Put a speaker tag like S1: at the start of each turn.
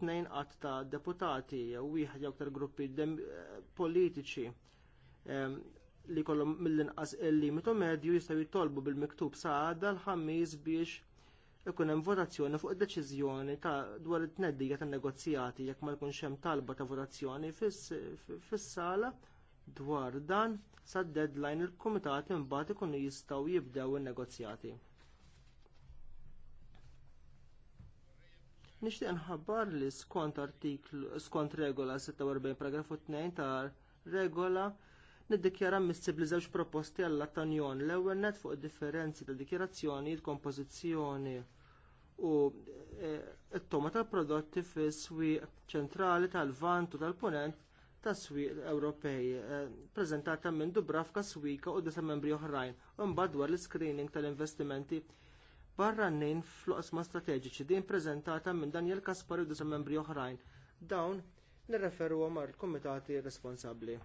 S1: tnejn qatt ta' deputati jew wieħed jew aktar gruppi politiċi li kollhom mill-inqas il-limitu medju jistgħu jitolbu bil-miktub sa' l-ħammis biex ikun hemm votazzjoni fuq id-deċiżjoni ta' dwar it-tneddija tan-negozjati jekk ma jkunx hemm talba ta' votazzjoni fis-sala dwar dan sa' deadline il-kumitat imbagħad ikunu jistgħu jibdew in-negozjati. Nixtieq nħabbar li skont artiklu skont regola 46 paragrafu 2 ta' regola niddikjara missib li żewġ proposti għall tanjon l-ewwel net fuq id differenzi ta' dikjarazzjoni, il-kompożizzjoni u e, t-toma tal-prodotti fis-swieq ċentrali tal-Vant u tal-Punent tas swieq Ewropej e, preżentata minn Dubravka Swika u disa membri oħrajn u mbagħad dwar l-screening tal-investimenti n-nejn fl-qasma strateġiċi din ppreżentata minn Daniel Kaspar u membri oħrajn. Dawn nirreferu għamar l-komitati responsabbli.